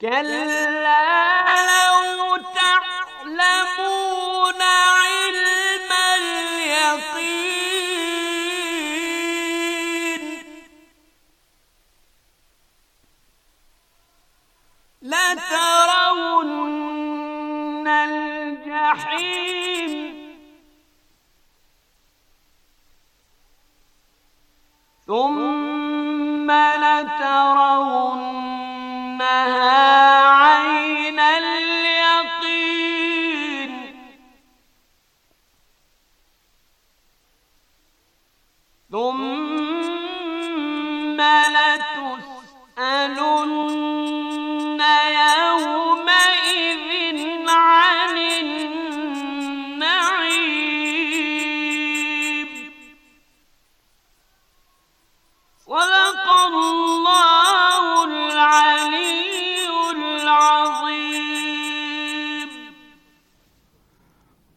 كلا لو تعلمون علم اليقين لترون الجحيم ثم لترون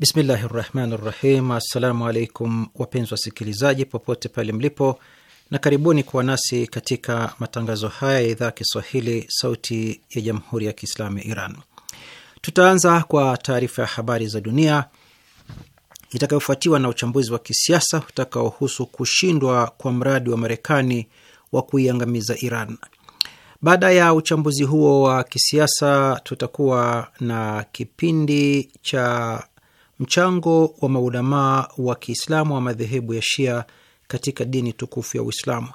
Bismillahi rahmani rahim. Assalamu alaikum wapenzi wasikilizaji popote pale mlipo, na karibuni kuwa nasi katika matangazo haya ya idhaa Kiswahili sauti ya jamhuri ya Kiislamu ya Iran. Tutaanza kwa taarifa ya habari za dunia itakayofuatiwa na uchambuzi wa kisiasa utakaohusu kushindwa kwa mradi wa Marekani wa kuiangamiza Iran. Baada ya uchambuzi huo wa kisiasa, tutakuwa na kipindi cha mchango wa maulamaa wa Kiislamu wa madhehebu ya Shia katika dini tukufu ya Uislamu.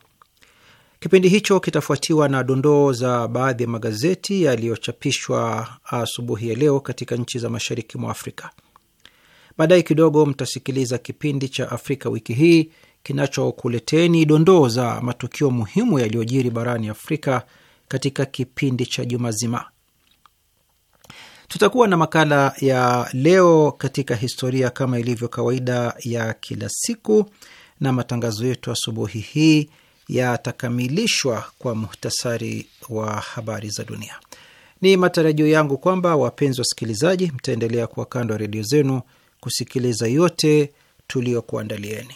Kipindi hicho kitafuatiwa na dondoo za baadhi ya magazeti yaliyochapishwa asubuhi ya leo katika nchi za mashariki mwa Afrika. Baadaye kidogo mtasikiliza kipindi cha Afrika wiki hii kinachokuleteni dondoo za matukio muhimu yaliyojiri barani Afrika katika kipindi cha juma zima. Tutakuwa na makala ya leo katika historia kama ilivyo kawaida ya kila siku, na matangazo yetu asubuhi hii yatakamilishwa kwa muhtasari wa habari za dunia. Ni matarajio yangu kwamba wapenzi wasikilizaji, mtaendelea kuwa kando ya redio zenu kusikiliza yote tuliyokuandalieni.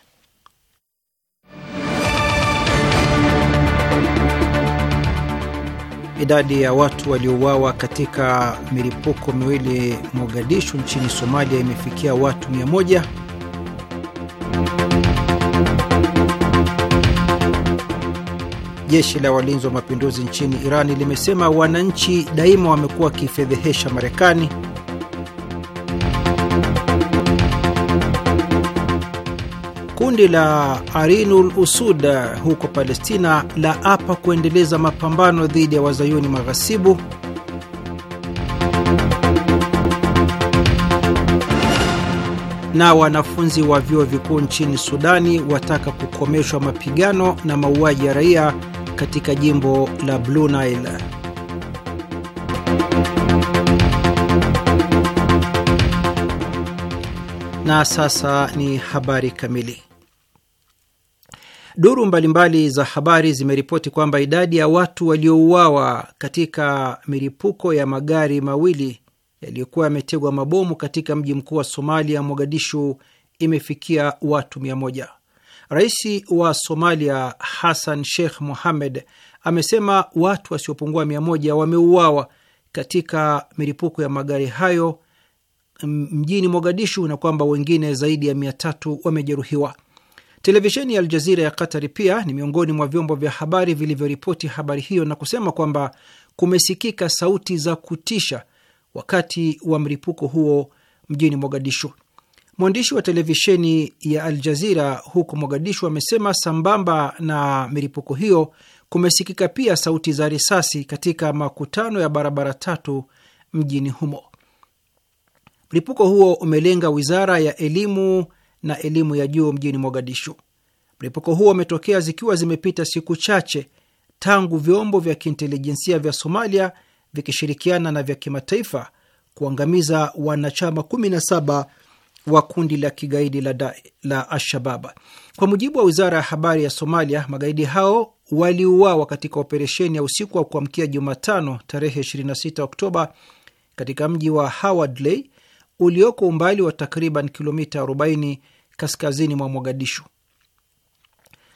Idadi ya watu waliouawa katika milipuko miwili Mogadishu nchini Somalia imefikia watu 1 Jeshi la walinzi wa mapinduzi nchini Irani limesema wananchi daima wamekuwa wakifedhehesha Marekani. Kundi la Arinul Usud huko Palestina la apa kuendeleza mapambano dhidi ya wazayuni maghasibu. Na wanafunzi wa vyuo vikuu nchini Sudani wataka kukomeshwa mapigano na mauaji ya raia katika jimbo la Blue Nile. Na sasa ni habari kamili. Duru mbalimbali mbali za habari zimeripoti kwamba idadi ya watu waliouawa katika milipuko ya magari mawili yaliyokuwa yametegwa mabomu katika mji mkuu wa Somalia, Mogadishu, imefikia watu mia moja. Rais wa Somalia Hassan Sheikh Mohamed amesema watu wasiopungua mia moja wameuawa katika milipuko ya magari hayo mjini Mogadishu na kwamba wengine zaidi ya mia tatu wamejeruhiwa. Televisheni ya Aljazira ya qatari pia ni miongoni mwa vyombo vya habari vilivyoripoti habari hiyo na kusema kwamba kumesikika sauti za kutisha wakati wa mlipuko huo mjini Mogadishu. Mwandishi wa televisheni ya Aljazira huko Mogadishu amesema sambamba na milipuko hiyo kumesikika pia sauti za risasi katika makutano ya barabara tatu mjini humo. Mlipuko huo umelenga wizara ya elimu na elimu ya juu mjini Mogadishu. Mlipuko huo umetokea zikiwa zimepita siku chache tangu vyombo vya kiintelijensia vya Somalia vikishirikiana na vya kimataifa kuangamiza wanachama 17 wa kundi la kigaidi la, la Alshababa. Kwa mujibu wa wizara ya habari ya Somalia, magaidi hao waliuawa katika operesheni ya usiku wa kuamkia Jumatano tarehe 26 Oktoba katika mji wa Howardley ulioko umbali wa takriban kilomita kaskazini mwa Mogadishu.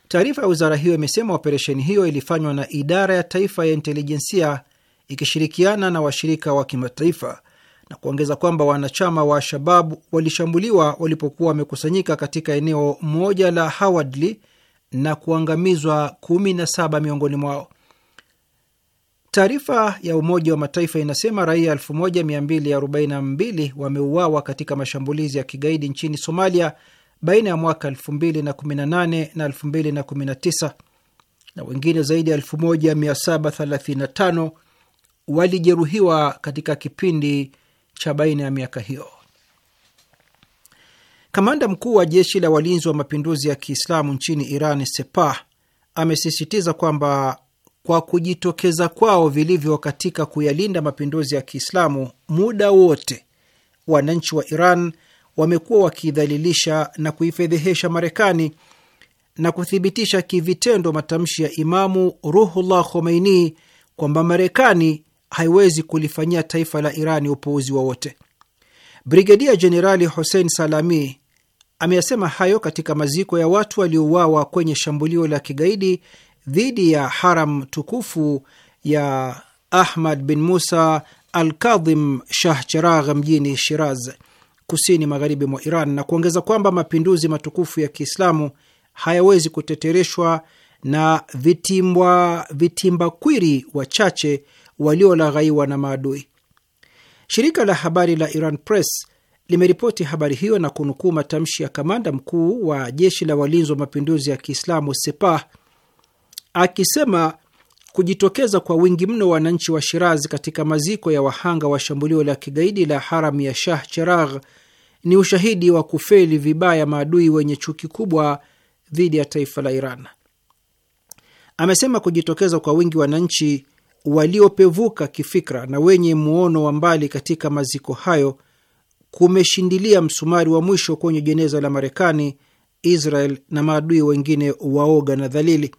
Taarifa ya wizara hiyo imesema operesheni hiyo ilifanywa na idara ya taifa ya intelijensia ikishirikiana na washirika wa kimataifa na kuongeza kwamba wanachama wa Shabab walishambuliwa walipokuwa wamekusanyika katika eneo moja la Hawadli na kuangamizwa 17 miongoni mwao. Taarifa ya Umoja wa Mataifa inasema raia 1242 wameuawa katika mashambulizi ya kigaidi nchini Somalia baina ya mwaka 2018 na 2019 na wengine zaidi ya 1735 walijeruhiwa katika kipindi cha baina ya miaka hiyo. Kamanda mkuu wa jeshi la walinzi wa mapinduzi ya Kiislamu nchini Iran, Sepah, amesisitiza kwamba kwa kujitokeza kwao vilivyo katika kuyalinda mapinduzi ya Kiislamu muda wote, wananchi wa Iran wamekuwa wakidhalilisha na kuifedhehesha Marekani na kuthibitisha kivitendo matamshi ya Imamu Ruhullah Khomeini kwamba Marekani haiwezi kulifanyia taifa la Irani upuuzi wowote. Brigedia Jenerali Hussein Salami ameyasema hayo katika maziko ya watu waliouawa kwenye shambulio la kigaidi dhidi ya haram tukufu ya Ahmad bin Musa Alkadhim Shah Cheragh mjini Shiraz kusini magharibi mwa Iran na kuongeza kwamba mapinduzi matukufu ya Kiislamu hayawezi kutetereshwa na vitimba, vitimba kwiri wachache waliolaghaiwa na maadui. Shirika la habari la Iran Press limeripoti habari hiyo na kunukuu matamshi ya kamanda mkuu wa jeshi la walinzi wa mapinduzi ya Kiislamu Sepah akisema Kujitokeza kwa wingi mno wananchi wa Shiraz katika maziko ya wahanga wa shambulio la kigaidi la haram ya Shah Cheragh ni ushahidi wa kufeli vibaya maadui wenye chuki kubwa dhidi ya taifa la Iran. Amesema kujitokeza kwa wingi wananchi waliopevuka kifikra na wenye muono wa mbali katika maziko hayo kumeshindilia msumari wa mwisho kwenye jeneza la Marekani, Israel na maadui wengine waoga na dhalili.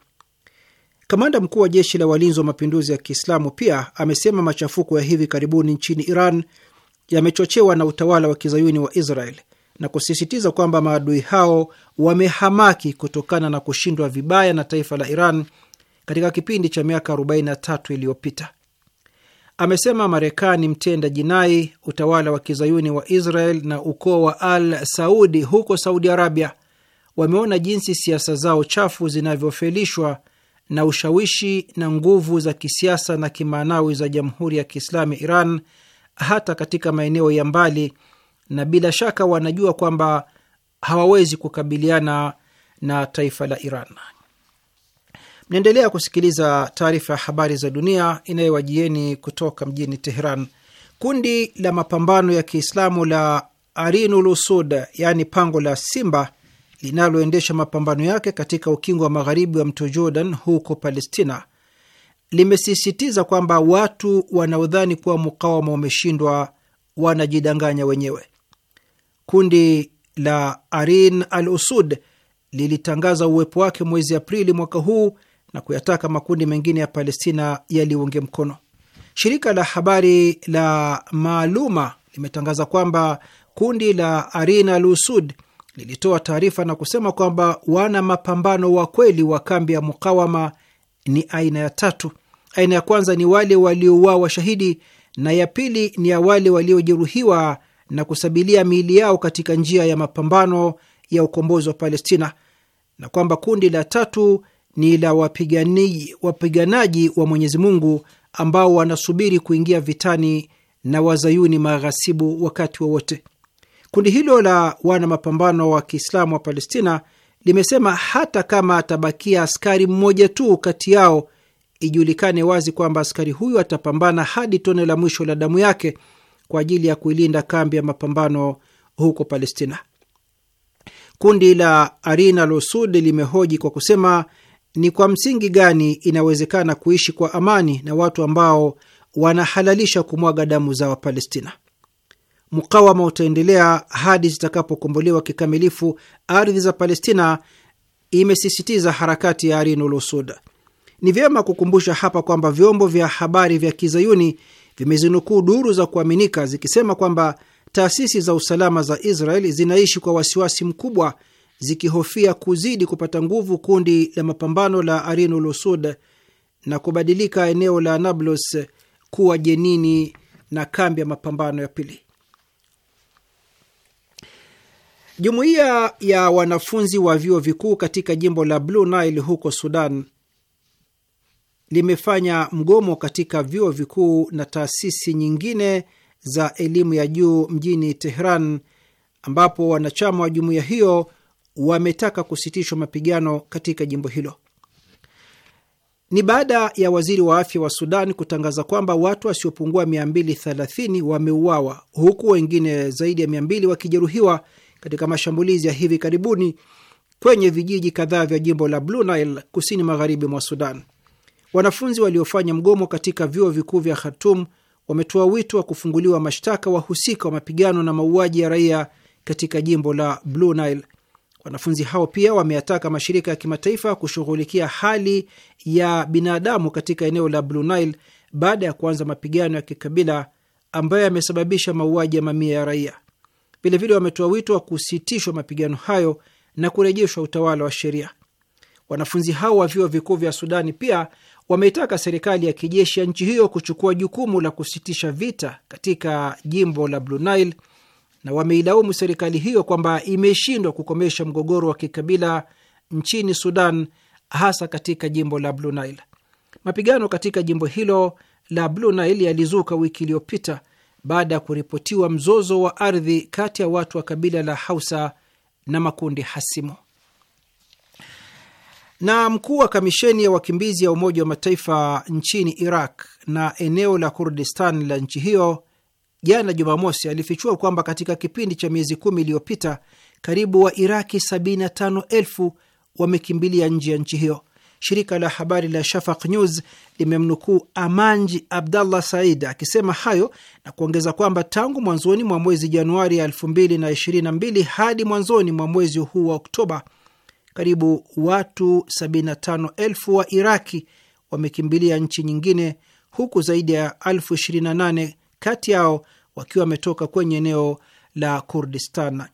Kamanda mkuu wa jeshi la walinzi wa mapinduzi ya Kiislamu pia amesema machafuko ya hivi karibuni nchini Iran yamechochewa na utawala wa kizayuni wa Israel na kusisitiza kwamba maadui hao wamehamaki kutokana na kushindwa vibaya na taifa la Iran katika kipindi cha miaka 43 iliyopita. Amesema Marekani mtenda jinai, utawala wa kizayuni wa Israel na ukoo wa Al Saudi huko Saudi Arabia wameona jinsi siasa zao chafu zinavyofelishwa na ushawishi na nguvu za kisiasa na kimaanawi za Jamhuri ya Kiislamu Iran hata katika maeneo ya mbali, na bila shaka wanajua kwamba hawawezi kukabiliana na taifa la Iran. Mnaendelea kusikiliza taarifa ya habari za dunia inayowajieni kutoka mjini Teheran. Kundi la mapambano ya Kiislamu la Arinul Usud, yaani pango la Simba, linaloendesha mapambano yake katika ukingo wa magharibi wa mto Jordan huko Palestina limesisitiza kwamba watu wanaodhani kuwa mukawama umeshindwa wanajidanganya wenyewe. Kundi la Arin al Usud lilitangaza uwepo wake mwezi Aprili mwaka huu na kuyataka makundi mengine ya Palestina yaliunge mkono. Shirika la habari la Maaluma limetangaza kwamba kundi la Arin al Usud lilitoa taarifa na kusema kwamba wana mapambano wa kweli wa kambi ya mukawama ni aina ya tatu. Aina ya kwanza ni wale waliouawa washahidi na ya pili ni ya wale waliojeruhiwa na kusabilia miili yao katika njia ya mapambano ya ukombozi wa Palestina, na kwamba kundi la tatu ni la wapiganaji wa Mwenyezi Mungu ambao wanasubiri kuingia vitani na wazayuni maghasibu wakati wowote wa Kundi hilo la wana mapambano wa Kiislamu wa Palestina limesema hata kama atabakia askari mmoja tu kati yao, ijulikane wazi kwamba askari huyu atapambana hadi tone la mwisho la damu yake kwa ajili ya kuilinda kambi ya mapambano huko Palestina. Kundi la arina Losud limehoji kwa kusema ni kwa msingi gani inawezekana kuishi kwa amani na watu ambao wanahalalisha kumwaga damu za Wapalestina? mukawama utaendelea hadi zitakapokombolewa kikamilifu ardhi za Palestina, imesisitiza harakati ya Arinul Usud. Ni vyema kukumbusha hapa kwamba vyombo vya habari vya kizayuni vimezinukuu duru za kuaminika zikisema kwamba taasisi za usalama za Israel zinaishi kwa wasiwasi mkubwa, zikihofia kuzidi kupata nguvu kundi la mapambano la Arinul Usud na kubadilika eneo la Nablus kuwa Jenini na kambi ya mapambano ya pili. Jumuiya ya wanafunzi wa vyuo vikuu katika jimbo la Blue Nile huko Sudan limefanya mgomo katika vyuo vikuu na taasisi nyingine za elimu ya juu mjini Tehran, ambapo wanachama wa jumuiya hiyo wametaka kusitishwa mapigano katika jimbo hilo. Ni baada ya waziri wa afya wa Sudan kutangaza kwamba watu wasiopungua 230 wameuawa huku wengine zaidi ya 200 wakijeruhiwa katika mashambulizi ya hivi karibuni kwenye vijiji kadhaa vya jimbo la Blue Nile kusini magharibi mwa Sudan. Wanafunzi waliofanya mgomo katika vyuo vikuu vya Khartum wametoa wito wa kufunguliwa mashtaka wahusika wa mapigano na mauaji ya raia katika jimbo la Blue Nile. Wanafunzi hao pia wameyataka mashirika ya kimataifa kushughulikia hali ya binadamu katika eneo la Blue Nile baada ya kuanza mapigano ya kikabila ambayo yamesababisha mauaji ya mamia ya raia. Vilevile wametoa wito wa kusitishwa mapigano hayo na kurejeshwa utawala wa sheria. Wanafunzi hao wa vyuo vikuu vya Sudani pia wameitaka serikali ya kijeshi ya nchi hiyo kuchukua jukumu la kusitisha vita katika jimbo la Blue Nile na wameilaumu serikali hiyo kwamba imeshindwa kukomesha mgogoro wa kikabila nchini Sudan, hasa katika jimbo la Blue Nile. Mapigano katika jimbo hilo la Blue Nile yalizuka wiki iliyopita baada ya kuripotiwa mzozo wa ardhi kati ya watu wa kabila la Hausa na makundi hasimu. Na mkuu wa kamisheni ya wakimbizi ya Umoja wa Mataifa nchini Iraq na eneo la Kurdistan la nchi hiyo jana Jumamosi alifichua kwamba katika kipindi cha miezi kumi iliyopita karibu Wairaki Iraki sabini wamekimbilia nje ya nchi hiyo shirika la habari la shafak News limemnukuu Amanji Abdallah Said akisema hayo na kuongeza kwamba tangu mwanzoni mwa mwezi Januari 2022 hadi mwanzoni mwa mwezi huu wa Oktoba, karibu watu 75,000 wa Iraki wamekimbilia nchi nyingine, huku zaidi ya 28,000 kati yao wakiwa wametoka kwenye eneo la Kurdistan.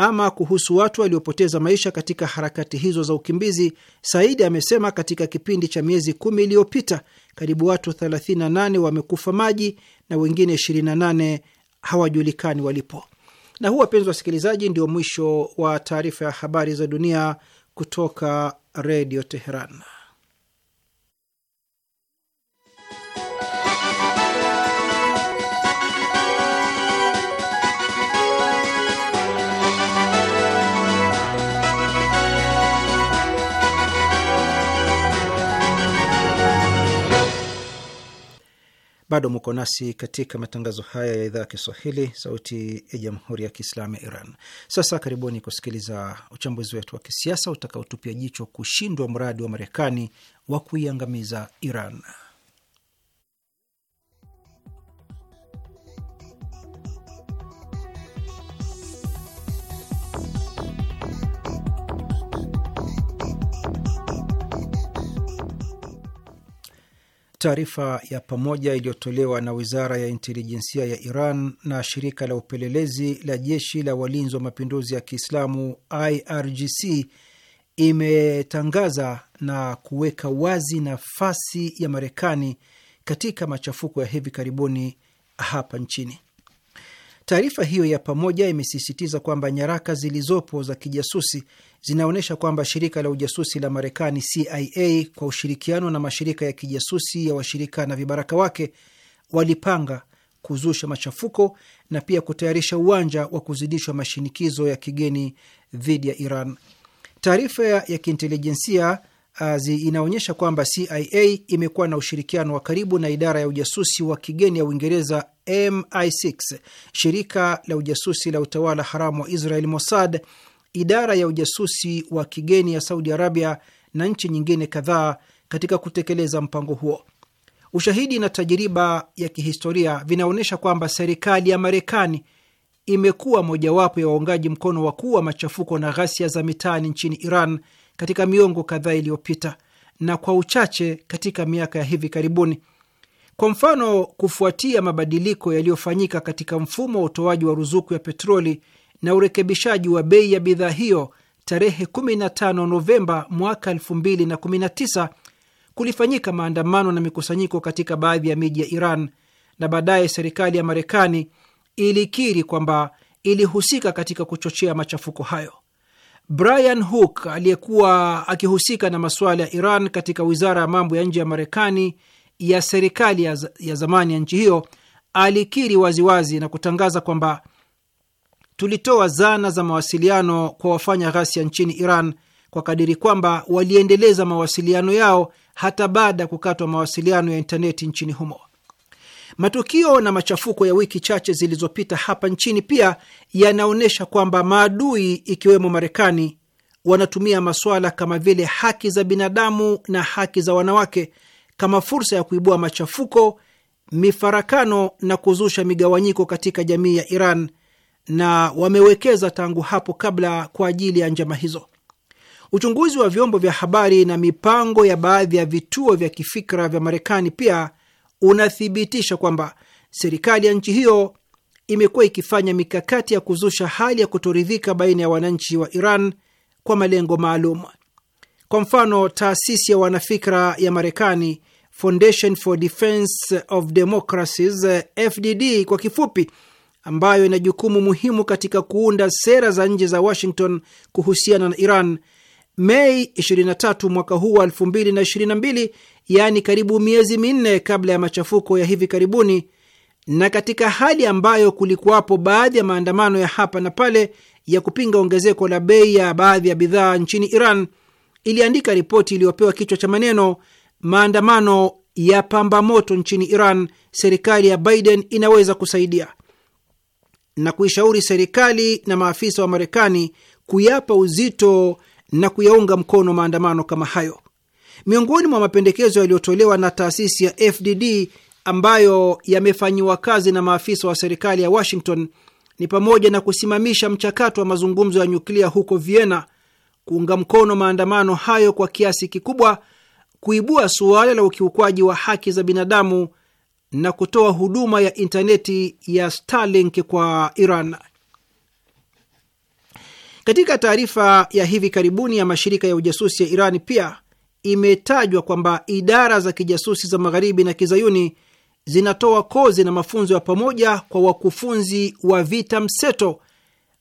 Ama kuhusu watu waliopoteza maisha katika harakati hizo za ukimbizi, Saidi amesema katika kipindi cha miezi kumi iliyopita karibu watu 38 wamekufa maji na wengine 28 hawajulikani walipo. Na huu, wapenzi wasikilizaji, ndio mwisho wa taarifa ya habari za dunia kutoka Redio Teheran. Bado muko nasi katika matangazo haya ya idhaa ya Kiswahili, sauti ya jamhuri ya kiislamu ya Iran. Sasa karibuni kusikiliza uchambuzi wetu wa kisiasa utakaotupia jicho kushindwa mradi wa Marekani wa kuiangamiza Iran. Taarifa ya pamoja iliyotolewa na wizara ya intelijensia ya Iran na shirika la upelelezi la jeshi la walinzi wa mapinduzi ya Kiislamu IRGC imetangaza na kuweka wazi nafasi ya Marekani katika machafuko ya hivi karibuni hapa nchini. Taarifa hiyo ya pamoja imesisitiza kwamba nyaraka zilizopo za kijasusi zinaonyesha kwamba shirika la ujasusi la Marekani CIA kwa ushirikiano na mashirika ya kijasusi ya washirika na vibaraka wake walipanga kuzusha machafuko na pia kutayarisha uwanja wa kuzidishwa mashinikizo ya kigeni dhidi ya Iran. Taarifa ya kiintelijensia inaonyesha kwamba CIA imekuwa na ushirikiano wa karibu na idara ya ujasusi wa kigeni ya Uingereza MI6, shirika la ujasusi la utawala haramu wa Israel Mossad, idara ya ujasusi wa kigeni ya Saudi Arabia na nchi nyingine kadhaa katika kutekeleza mpango huo. Ushahidi na tajiriba ya kihistoria vinaonyesha kwamba serikali ya Marekani imekuwa mojawapo ya waungaji mkono wakuu wa machafuko na ghasia za mitaani nchini Iran katika miongo kadhaa iliyopita na kwa uchache katika miaka ya hivi karibuni. Kwa mfano, kufuatia mabadiliko yaliyofanyika katika mfumo wa utoaji wa ruzuku ya petroli na urekebishaji wa bei ya bidhaa hiyo tarehe 15 Novemba mwaka 2019 kulifanyika maandamano na mikusanyiko katika baadhi ya miji ya Iran na baadaye serikali ya Marekani ilikiri kwamba ilihusika katika kuchochea machafuko hayo. Brian Hook aliyekuwa akihusika na masuala ya Iran katika wizara ya mambo ya nje ya Marekani ya serikali ya zamani ya nchi hiyo alikiri waziwazi na kutangaza kwamba tulitoa zana za mawasiliano kwa wafanya ghasia nchini Iran kwa kadiri kwamba waliendeleza mawasiliano yao hata baada ya kukatwa mawasiliano ya intaneti nchini humo. Matukio na machafuko ya wiki chache zilizopita hapa nchini pia yanaonyesha kwamba maadui ikiwemo Marekani wanatumia masuala kama vile haki za binadamu na haki za wanawake kama fursa ya kuibua machafuko, mifarakano na kuzusha migawanyiko katika jamii ya Iran, na wamewekeza tangu hapo kabla kwa ajili ya njama hizo. Uchunguzi wa vyombo vya habari na mipango ya baadhi ya vituo vya kifikra vya Marekani pia unathibitisha kwamba serikali ya nchi hiyo imekuwa ikifanya mikakati ya kuzusha hali ya kutoridhika baina ya wananchi wa Iran kwa malengo maalum. Kwa mfano, taasisi ya wanafikra ya Marekani, Foundation for Defense of Democracies, FDD kwa kifupi, ambayo ina jukumu muhimu katika kuunda sera za nje za Washington kuhusiana na Iran, Mei 23 mwaka huu wa yaani karibu miezi minne kabla ya machafuko ya hivi karibuni, na katika hali ambayo kulikuwapo baadhi ya maandamano ya hapa na pale ya kupinga ongezeko la bei ya baadhi ya bidhaa nchini Iran, iliandika ripoti iliyopewa kichwa cha maneno maandamano ya pamba moto nchini Iran, serikali ya Biden inaweza kusaidia, na kuishauri serikali na maafisa wa Marekani kuyapa uzito na kuyaunga mkono maandamano kama hayo. Miongoni mwa mapendekezo yaliyotolewa na taasisi ya FDD ambayo yamefanyiwa kazi na maafisa wa serikali ya Washington ni pamoja na kusimamisha mchakato wa mazungumzo ya nyuklia huko Vienna, kuunga mkono maandamano hayo kwa kiasi kikubwa, kuibua suala la ukiukwaji wa haki za binadamu na kutoa huduma ya intaneti ya Starlink kwa Iran. Katika taarifa ya hivi karibuni ya mashirika ya ujasusi ya Iran pia imetajwa kwamba idara za kijasusi za magharibi na kizayuni zinatoa kozi na mafunzo ya pamoja kwa wakufunzi wa vita mseto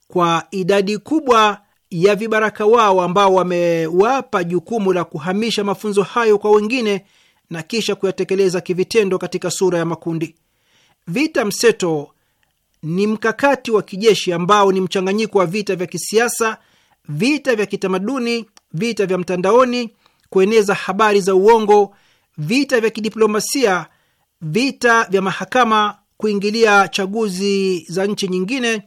kwa idadi kubwa ya vibaraka wao ambao wamewapa jukumu la kuhamisha mafunzo hayo kwa wengine na kisha kuyatekeleza kivitendo katika sura ya makundi. Vita mseto ni mkakati wa kijeshi ambao ni mchanganyiko wa vita vya kisiasa, vita vya kitamaduni, vita vya mtandaoni kueneza habari za uongo, vita vya kidiplomasia, vita vya mahakama, kuingilia chaguzi za nchi nyingine,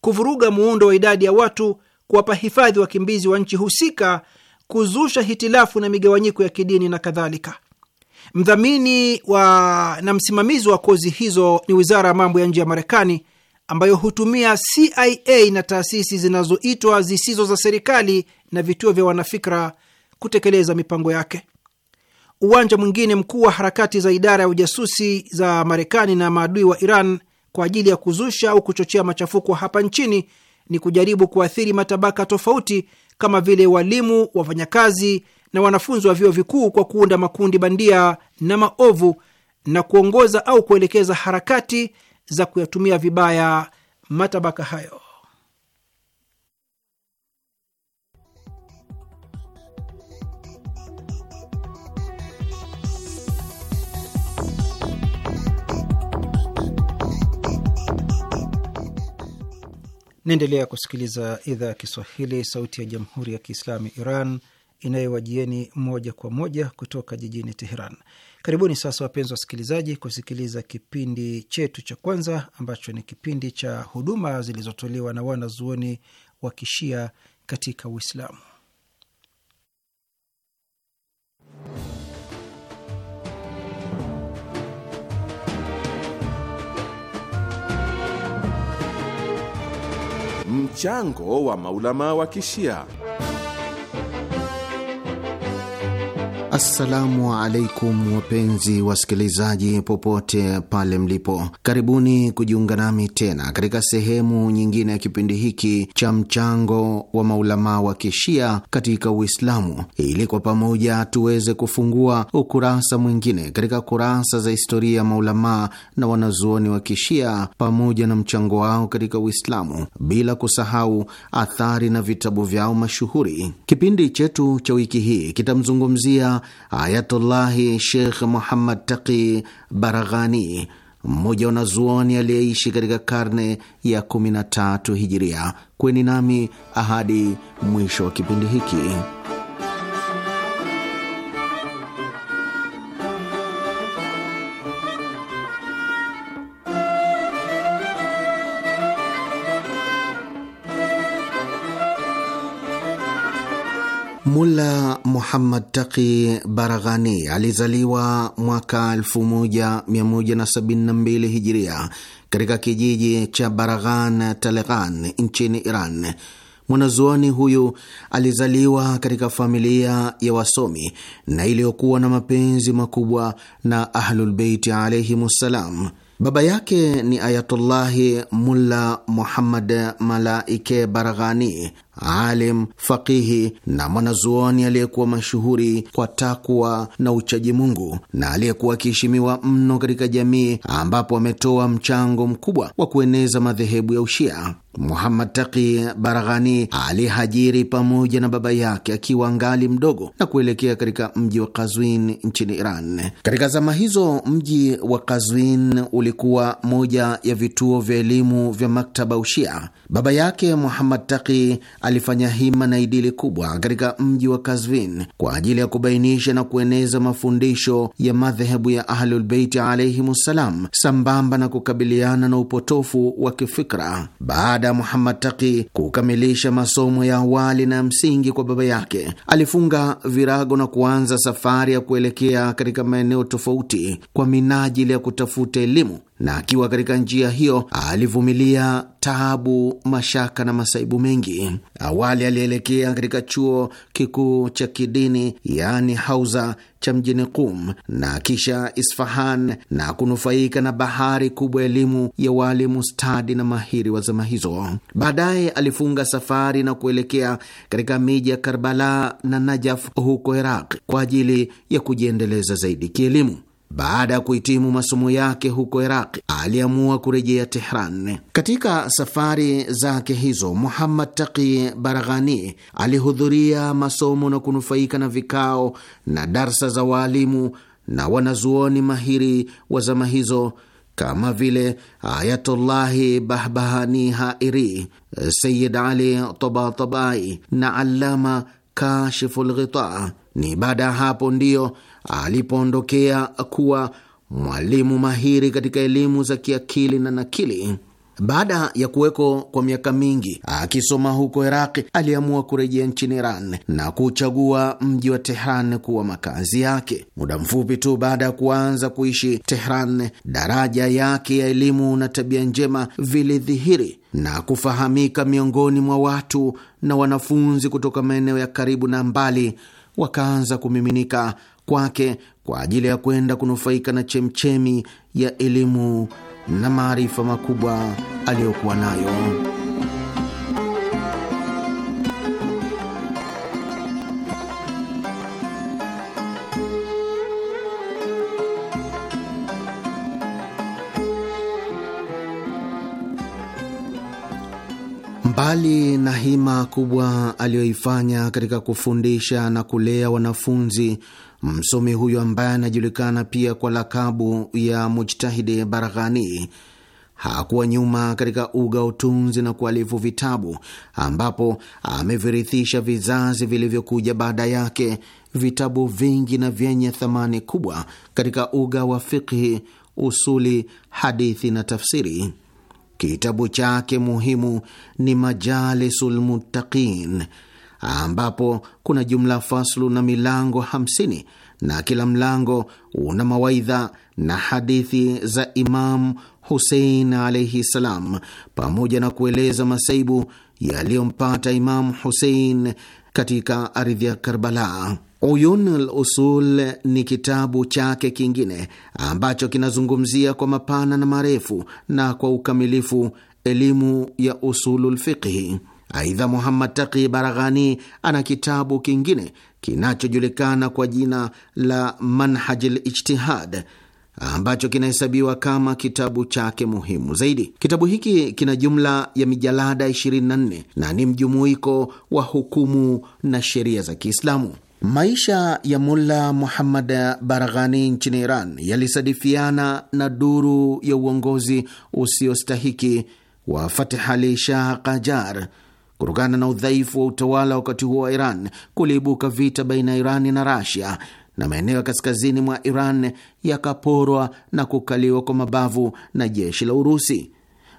kuvuruga muundo wa idadi ya watu, kuwapa hifadhi wakimbizi wa nchi husika, kuzusha hitilafu na migawanyiko ya kidini na kadhalika. Mdhamini wa na msimamizi wa kozi hizo ni wizara ya mambo ya nje ya Marekani ambayo hutumia CIA na taasisi zinazoitwa zisizo za serikali na vituo vya wanafikra kutekeleza mipango yake. Uwanja mwingine mkuu wa harakati za idara ya ujasusi za Marekani na maadui wa Iran kwa ajili ya kuzusha au kuchochea machafuko hapa nchini ni kujaribu kuathiri matabaka tofauti kama vile walimu, wafanyakazi na wanafunzi wa vyuo vikuu kwa kuunda makundi bandia na maovu na kuongoza au kuelekeza harakati za kuyatumia vibaya matabaka hayo. Naendelea kusikiliza idhaa ya Kiswahili, sauti ya jamhuri ya kiislamu Iran inayowajieni moja kwa moja kutoka jijini Teheran. Karibuni sasa, wapenzi wasikilizaji, kusikiliza kipindi chetu cha kwanza ambacho ni kipindi cha huduma zilizotolewa na wanazuoni wa kishia katika Uislamu. mchango wa maulama wa Kishia. Assalamu alaikum wapenzi wasikilizaji, popote pale mlipo, karibuni kujiunga nami tena katika sehemu nyingine ya kipindi hiki cha mchango wa maulamaa wa kishia katika Uislamu, ili kwa pamoja tuweze kufungua ukurasa mwingine katika kurasa za historia ya maulamaa na wanazuoni wa kishia pamoja na mchango wao katika Uislamu, bila kusahau athari na vitabu vyao mashuhuri. Kipindi chetu cha wiki hii kitamzungumzia Ayatullahi Sheikh Muhammad Taqi Baraghani, mmoja wanazuoni aliyeishi katika karne ya 13 Hijiria. Kweni nami ahadi mwisho wa kipindi hiki. Mulla Muhammad Taqi Baraghani alizaliwa mwaka 1172 Hijiria katika kijiji cha Baraghan, Taleghan nchini Iran. Mwanazuoni huyu alizaliwa katika familia ya wasomi na iliyokuwa na mapenzi makubwa na Ahlulbeiti alaihimussalam. Baba yake ni Ayatullahi Mulla Muhammad Malaike Baraghani alim, fakihi na mwanazuoni aliyekuwa mashuhuri kwa takwa na uchaji Mungu na aliyekuwa akiheshimiwa mno katika jamii ambapo ametoa mchango mkubwa wa kueneza madhehebu ya Ushia. Muhammad Taqi Baraghani alihajiri pamoja na baba yake akiwa ngali mdogo na kuelekea katika mji wa Kazwin nchini Iran. Katika zama hizo, mji wa Kazwin ulikuwa moja ya vituo vya elimu vya maktaba Ushia. Baba yake Muhammad Taqi alifanya hima na idili kubwa katika mji wa Kazvin kwa ajili ya kubainisha na kueneza mafundisho ya madhehebu ya Ahlulbeiti alaihimussalam, sambamba na kukabiliana na upotofu wa kifikra. Baada ya Muhammad taki kukamilisha masomo ya awali na ya msingi kwa baba yake, alifunga virago na kuanza safari ya kuelekea katika maeneo tofauti kwa minajili ya kutafuta elimu na akiwa katika njia hiyo alivumilia taabu, mashaka na masaibu mengi. Awali alielekea katika chuo kikuu cha kidini yaani hauza cha mjini Qum na kisha Isfahan na kunufaika na bahari kubwa ya elimu ya waalimu stadi na mahiri wa zama hizo. Baadaye alifunga safari na kuelekea katika miji ya Karbala na Najaf huko Iraq kwa ajili ya kujiendeleza zaidi kielimu. Baada ya kuhitimu masomo yake huko Iraq, aliamua kurejea Tehran. Katika safari zake hizo, Muhammad Taqi Baraghani alihudhuria masomo na kunufaika na vikao na darsa za waalimu na wanazuoni mahiri wa zama hizo kama vile Ayatullahi Bahbahani Hairi, Sayid Ali Tabatabai na Allama kashifulghita Ni baada ya hapo ndiyo alipoondokea kuwa mwalimu mahiri katika elimu za kiakili na nakili. Baada ya kuweko kwa miaka mingi akisoma huko Iraqi, aliamua kurejea nchini Iran na kuchagua mji wa Tehran kuwa makazi yake. Muda mfupi tu baada ya kuanza kuishi Tehran, daraja yake ya elimu na tabia njema vilidhihiri na kufahamika miongoni mwa watu na wanafunzi kutoka maeneo ya karibu na mbali, wakaanza kumiminika kwake kwa ajili ya kwenda kunufaika na chemchemi ya elimu na maarifa makubwa aliyokuwa nayo. Mbali na hima kubwa aliyoifanya katika kufundisha na kulea wanafunzi Msomi huyo ambaye anajulikana pia kwa lakabu ya Mujtahidi Barghani hakuwa nyuma katika uga utunzi na kualifu vitabu, ambapo amevirithisha vizazi vilivyokuja baada yake vitabu vingi na vyenye thamani kubwa katika uga wa fikhi, usuli, hadithi na tafsiri. Kitabu chake muhimu ni Majalisul Muttaqin ambapo kuna jumla faslu na milango hamsini na kila mlango una mawaidha na hadithi za imam Husein alaihi ssalam pamoja na kueleza masaibu yaliyompata Imamu Husein katika ardhi ya Karbala. Uyun al-Usul ni kitabu chake kingine ambacho kinazungumzia kwa mapana na marefu na kwa ukamilifu elimu ya usulul fiqhi. Aidha, Muhammad Taqi Baraghani ana kitabu kingine kinachojulikana kwa jina la Manhaj Lijtihad ambacho kinahesabiwa kama kitabu chake muhimu zaidi. Kitabu hiki kina jumla ya mijalada 24 na ni mjumuiko wa hukumu na sheria za Kiislamu. Maisha ya Mulla Muhammad Baraghani nchini Iran yalisadifiana na duru ya uongozi usiostahiki wa Fatih Ali Shah Qajar Kutokana na udhaifu wa utawala wakati huo wa Iran, kuliibuka vita baina ya Irani na Rasia na maeneo ya kaskazini mwa Iran yakaporwa na kukaliwa kwa mabavu na jeshi la Urusi.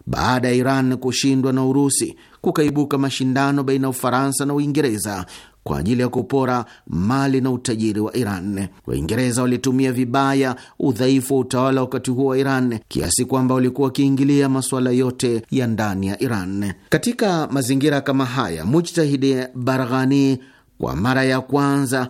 Baada ya Iran kushindwa na Urusi, kukaibuka mashindano baina ya Ufaransa na Uingereza kwa ajili ya kupora mali na utajiri wa Iran. Waingereza walitumia vibaya udhaifu wa utawala wakati huo wa Iran kiasi kwamba walikuwa wakiingilia masuala yote ya ndani ya Iran. Katika mazingira kama haya, mujtahidi Barghani kwa mara ya kwanza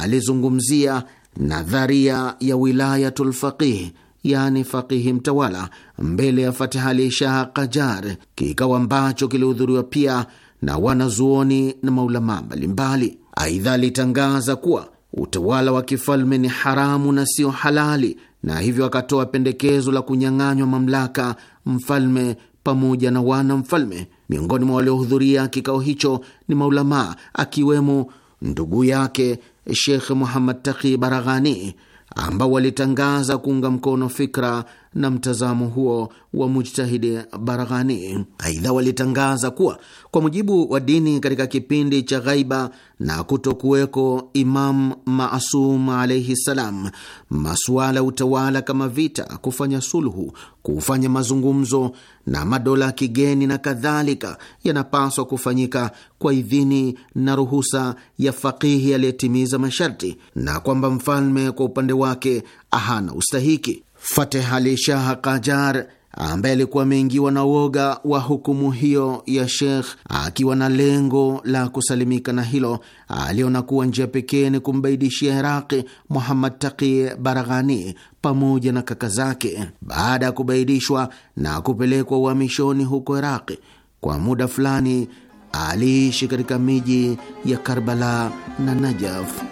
alizungumzia nadharia ya wilayatul faqih yaani fakihi mtawala mbele ya Fatihali Shah Kajar, kikao ambacho kilihudhuriwa pia na wanazuoni na maulamaa mbalimbali. Aidha, alitangaza kuwa utawala wa kifalme ni haramu na sio halali, na hivyo akatoa pendekezo la kunyang'anywa mamlaka mfalme pamoja na wana mfalme. Miongoni mwa waliohudhuria kikao hicho ni maulamaa akiwemo ndugu yake Shekh Muhammad Taqi Baraghani ambao walitangaza kuunga mkono fikra na mtazamo huo wa mujtahidi Baraghani. Aidha, walitangaza kuwa kwa mujibu wa dini, katika kipindi cha ghaiba na kutokuweko Imam Maasum alaihi salam, masuala ya utawala kama vita, kufanya sulhu, kufanya mazungumzo na madola ya kigeni na kadhalika, yanapaswa kufanyika kwa idhini na ruhusa ya fakihi aliyetimiza masharti, na kwamba mfalme kwa upande wake hana ustahiki Fateh Ali Shah Kajar ambaye alikuwa ameingiwa na woga wa hukumu hiyo ya Sheikh akiwa na lengo la kusalimika na hilo, aliona kuwa njia pekee ni kumbaidishia Iraqi Muhammad Taqi Baraghani pamoja na kaka zake. Baada ya kubaidishwa na kupelekwa uhamishoni huko Iraqi, kwa muda fulani aliishi katika miji ya Karbala na Najaf.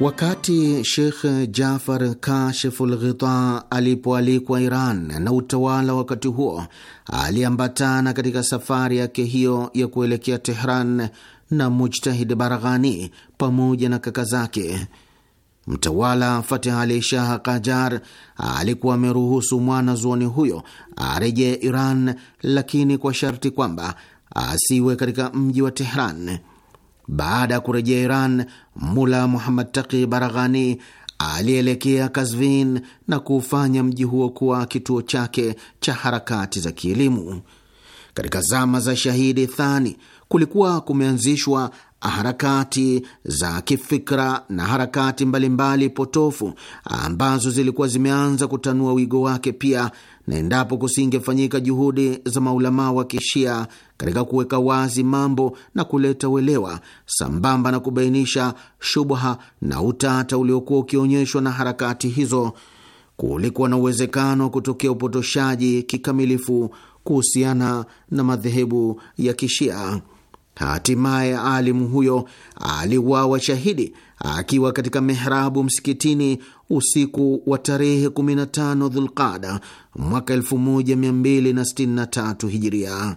Wakati Sheikh Jafar Kasheful Ghita alipoalikwa Iran na utawala wakati huo, aliambatana katika safari yake hiyo ya kuelekea Tehran na Mujtahid Baraghani pamoja na kaka zake. Mtawala Fatih Ali Shah Kajar alikuwa ameruhusu mwana zuoni huyo arejee Iran, lakini kwa sharti kwamba asiwe katika mji wa Tehran. Baada ya kurejea Iran, Mula Muhammad Taki Baraghani alielekea Kazvin na kuufanya mji huo kuwa kituo chake cha harakati za kielimu. Katika zama za Shahidi Thani kulikuwa kumeanzishwa harakati za kifikra na harakati mbalimbali mbali potofu ambazo zilikuwa zimeanza kutanua wigo wake pia na endapo kusingefanyika juhudi za maulamaa wa kishia katika kuweka wazi mambo na kuleta uelewa sambamba na kubainisha shubha na utata uliokuwa ukionyeshwa na harakati hizo, kulikuwa na uwezekano wa kutokea upotoshaji kikamilifu kuhusiana na madhehebu ya kishia. Hatimaye alimu huyo aliuawa shahidi akiwa katika mihrabu msikitini usiku wa tarehe 15 Dhulqada mwaka 1263 Hijiria.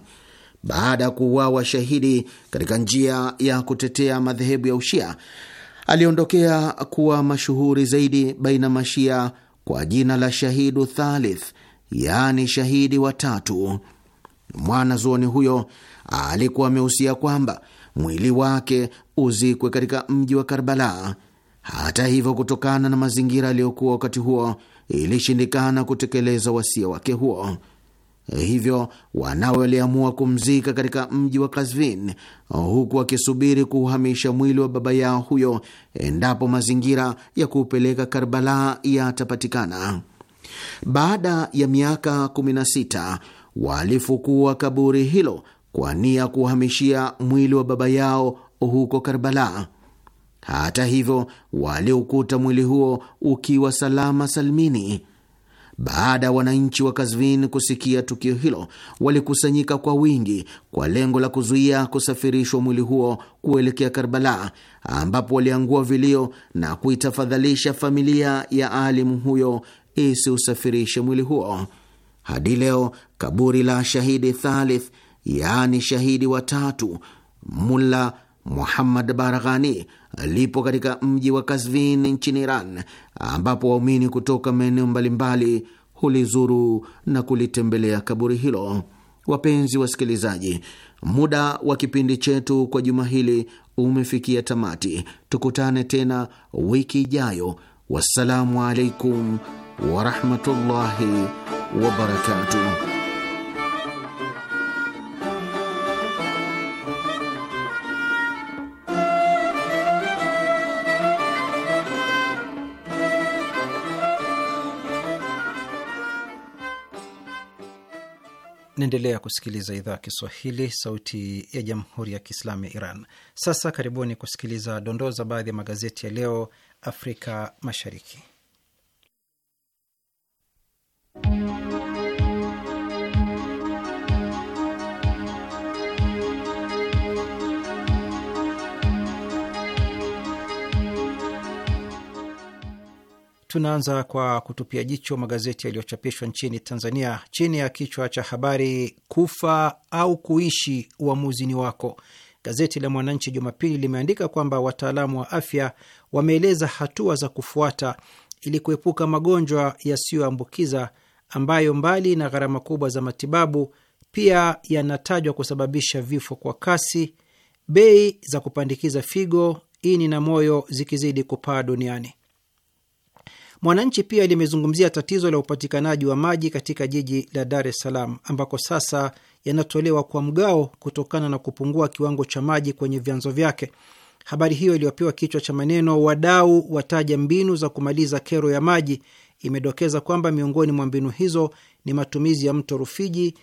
Baada ya kuuawa shahidi katika njia ya kutetea madhehebu ya Ushia, aliondokea kuwa mashuhuri zaidi baina mashia kwa jina la Shahidu Thalith, yaani shahidi watatu. Mwanazuoni huyo alikuwa amehusia kwamba mwili wake uzikwe katika mji wa Karbala. Hata hivyo, kutokana na mazingira aliyokuwa wakati huo, ilishindikana kutekeleza wasia wake huo. Hivyo wanawe waliamua kumzika katika mji wa kasvin huku wakisubiri kuuhamisha mwili wa baba yao huyo endapo mazingira ya kuupeleka Karbala yatapatikana. Baada ya miaka 16 walifukua kaburi hilo kwa nia kuhamishia mwili wa baba yao huko Karbala. Hata hivyo, waliukuta mwili huo ukiwa salama salmini. Baada ya wananchi wa Kazvin kusikia tukio hilo, walikusanyika kwa wingi kwa lengo la kuzuia kusafirishwa mwili huo kuelekea Karbala, ambapo waliangua vilio na kuitafadhalisha familia ya alimu huyo isiusafirishe mwili huo. Hadi leo kaburi la shahidi thalith, yaani shahidi watatu, Mulla Muhammad Baraghani lipo katika mji wa Kazvin nchini Iran, ambapo waumini kutoka maeneo mbalimbali hulizuru na kulitembelea kaburi hilo. Wapenzi wasikilizaji, muda wa kipindi chetu kwa juma hili umefikia tamati. Tukutane tena wiki ijayo. Wassalamu alaikum warahmatullahi wabarakatuh. Naendelea kusikiliza idhaa ya Kiswahili, sauti ya jamhuri ya kiislamu ya Iran. Sasa karibuni kusikiliza dondoo za baadhi ya magazeti ya leo Afrika Mashariki. Tunaanza kwa kutupia jicho magazeti yaliyochapishwa nchini Tanzania chini ya kichwa cha habari, kufa au kuishi uamuzi ni wako. Gazeti la Mwananchi Jumapili limeandika kwamba wataalamu wa afya wameeleza hatua za kufuata ili kuepuka magonjwa yasiyoambukiza ambayo mbali na gharama kubwa za matibabu pia yanatajwa kusababisha vifo kwa kasi, bei za kupandikiza figo, ini na moyo zikizidi kupaa duniani. Mwananchi pia limezungumzia tatizo la upatikanaji wa maji katika jiji la Dar es Salaam ambako sasa yanatolewa kwa mgao kutokana na kupungua kiwango cha maji kwenye vyanzo vyake. Habari hiyo iliyopewa kichwa cha maneno wadau wataja mbinu za kumaliza kero ya maji, imedokeza kwamba miongoni mwa mbinu hizo ni matumizi ya mto Rufiji,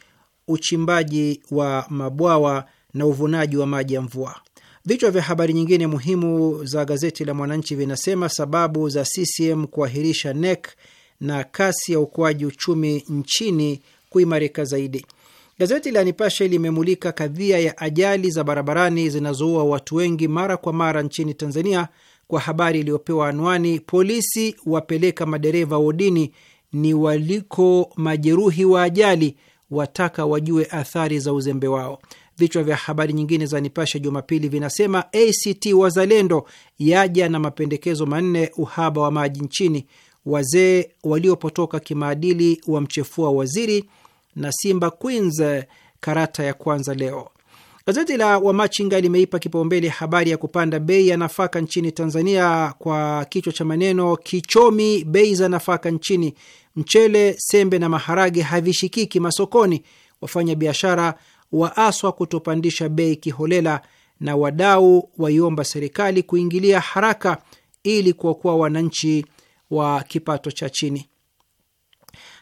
uchimbaji wa mabwawa na uvunaji wa maji ya mvua. Vichwa vya habari nyingine muhimu za gazeti la Mwananchi vinasema sababu za CCM kuahirisha NEC na kasi ya ukuaji uchumi nchini kuimarika zaidi. Gazeti la Nipashe limemulika kadhia ya ajali za barabarani zinazoua watu wengi mara kwa mara nchini Tanzania kwa habari iliyopewa anwani, polisi wapeleka madereva wodini, ni waliko majeruhi wa ajali, wataka wajue athari za uzembe wao. Vichwa vya habari nyingine za Nipashe Jumapili vinasema ACT Wazalendo yaja na mapendekezo manne uhaba wa maji nchini, wazee waliopotoka kimaadili wamchefua waziri, na Simba Queens karata ya kwanza leo. Gazeti la Wamachinga limeipa kipaumbele habari ya kupanda bei ya nafaka nchini Tanzania kwa kichwa cha maneno kichomi, bei za nafaka nchini, mchele, sembe na maharage havishikiki masokoni, wafanya biashara waaswa kutopandisha bei kiholela na wadau waiomba serikali kuingilia haraka ili kuokoa wananchi wa kipato cha chini.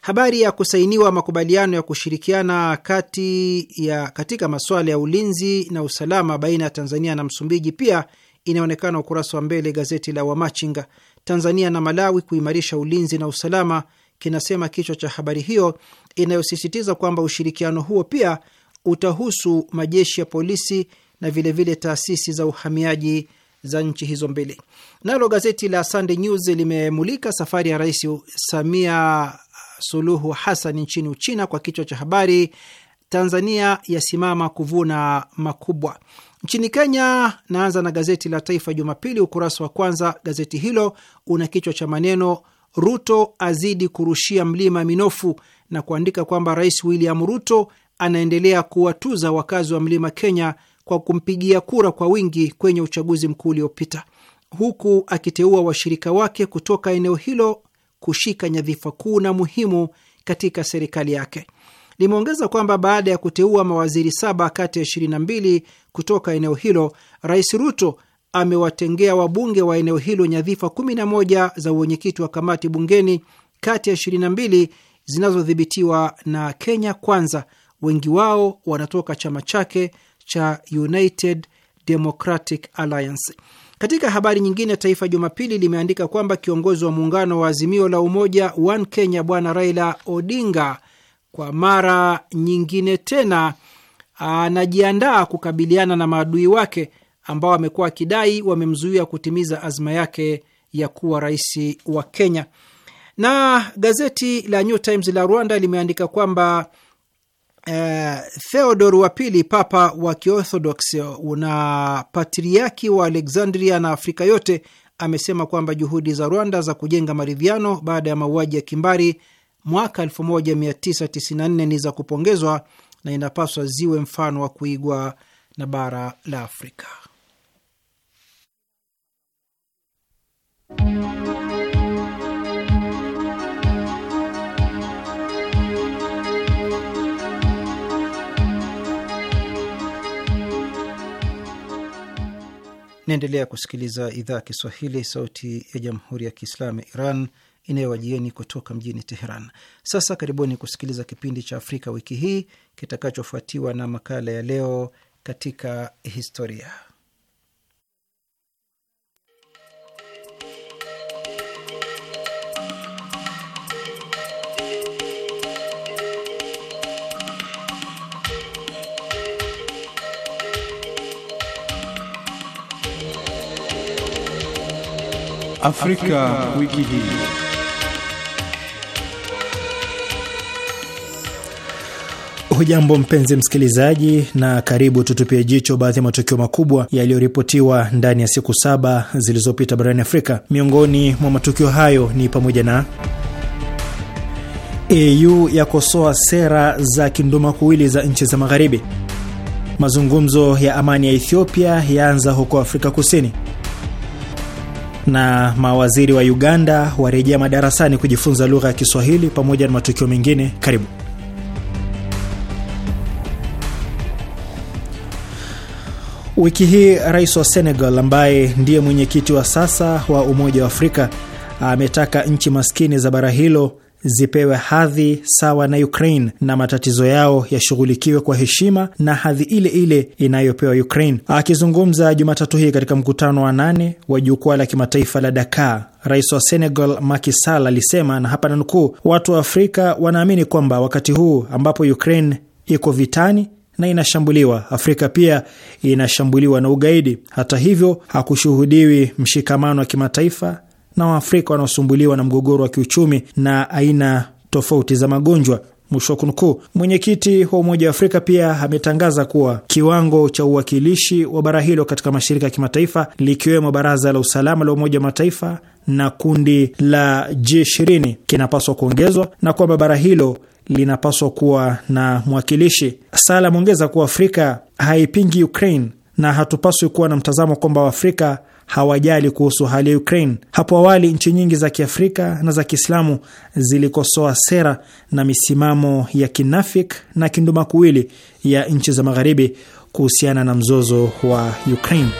Habari ya kusainiwa makubaliano ya kushirikiana kati ya katika masuala ya ulinzi na usalama baina ya Tanzania na Msumbiji pia inaonekana ukurasa wa mbele gazeti la Wamachinga. Tanzania na Malawi kuimarisha ulinzi na usalama, kinasema kichwa cha habari hiyo inayosisitiza kwamba ushirikiano huo pia utahusu majeshi ya polisi na vilevile vile taasisi za uhamiaji za nchi hizo mbili. Nalo gazeti la Sunday News limemulika safari ya Rais Samia Suluhu Hassan nchini Uchina kwa kichwa cha habari, Tanzania yasimama kuvuna makubwa. Nchini Kenya, naanza na gazeti la Taifa Jumapili, ukurasa wa kwanza. Gazeti hilo una kichwa cha maneno Ruto azidi kurushia mlima minofu na kuandika kwamba Rais William Ruto anaendelea kuwatuza wakazi wa mlima Kenya kwa kumpigia kura kwa wingi kwenye uchaguzi mkuu uliopita, huku akiteua washirika wake kutoka eneo hilo kushika nyadhifa kuu na muhimu katika serikali yake. Limeongeza kwamba baada ya kuteua mawaziri saba kati ya 22 kutoka eneo hilo, Rais Ruto amewatengea wabunge wa eneo hilo nyadhifa moja za uwenyekiti wa kamati bungeni kati ya 22 zinazodhibitiwa na Kenya Kwanza wengi wao wanatoka chama chake cha United Democratic Alliance. Katika habari nyingine, Taifa Jumapili limeandika kwamba kiongozi wa muungano wa Azimio la Umoja One Kenya Bwana Raila Odinga kwa mara nyingine tena anajiandaa kukabiliana na maadui wake ambao amekuwa akidai wamemzuia kutimiza azma yake ya kuwa rais wa Kenya. Na gazeti la New Times la Rwanda limeandika kwamba Eh, Theodor wa pili papa wa Kiorthodox na patriaki wa Alexandria na Afrika yote amesema kwamba juhudi za Rwanda za kujenga maridhiano baada ya mauaji ya kimbari mwaka 1994 ni za kupongezwa na inapaswa ziwe mfano wa kuigwa na bara la Afrika. Naendelea kusikiliza idhaa Kiswahili, sauti ya jamhuri ya kiislamu ya Iran inayowajieni kutoka mjini Teheran. Sasa karibuni kusikiliza kipindi cha Afrika wiki hii kitakachofuatiwa na makala ya leo katika historia. Afrika, wiki hii. Hujambo mpenzi msikilizaji, na karibu tutupie jicho baadhi ya matukio makubwa yaliyoripotiwa ndani ya siku saba zilizopita barani Afrika. Miongoni mwa matukio hayo ni pamoja na AU yakosoa sera za kinduma kuwili za nchi za Magharibi, mazungumzo ya amani ya Ethiopia yaanza huko Afrika Kusini, na mawaziri wa Uganda warejea madarasani kujifunza lugha ya Kiswahili pamoja na matukio mengine. Karibu. Wiki hii rais wa Senegal ambaye ndiye mwenyekiti wa sasa wa Umoja wa Afrika ametaka nchi maskini za bara hilo zipewe hadhi sawa na Ukraine na matatizo yao yashughulikiwe kwa heshima na hadhi ile ile inayopewa Ukraine. Akizungumza Jumatatu hii katika mkutano wa nane wa jukwaa la kimataifa la Dakar, Rais wa Senegal Macky Sall alisema, na hapa nanukuu, watu wa Afrika wanaamini kwamba wakati huu ambapo Ukraine iko vitani na inashambuliwa, Afrika pia inashambuliwa na ugaidi. Hata hivyo, hakushuhudiwi mshikamano wa kimataifa na Waafrika wanaosumbuliwa na mgogoro wa kiuchumi na aina tofauti za magonjwa. Mwisho wa kunukuu. Mwenyekiti wa Umoja wa Afrika pia ametangaza kuwa kiwango cha uwakilishi wa bara hilo katika mashirika ya kimataifa likiwemo Baraza la Usalama la Umoja wa Mataifa na kundi la G20 kinapaswa kuongezwa na kwamba bara hilo linapaswa kuwa na mwakilishi. Sala ameongeza kuwa Afrika haipingi Ukraine na hatupaswi kuwa na mtazamo kwamba Waafrika hawajali kuhusu hali ya Ukraine. Hapo awali nchi nyingi za Kiafrika na za Kiislamu zilikosoa sera na misimamo ya kinafik na kindumakuwili ya nchi za Magharibi kuhusiana na mzozo wa Ukraine.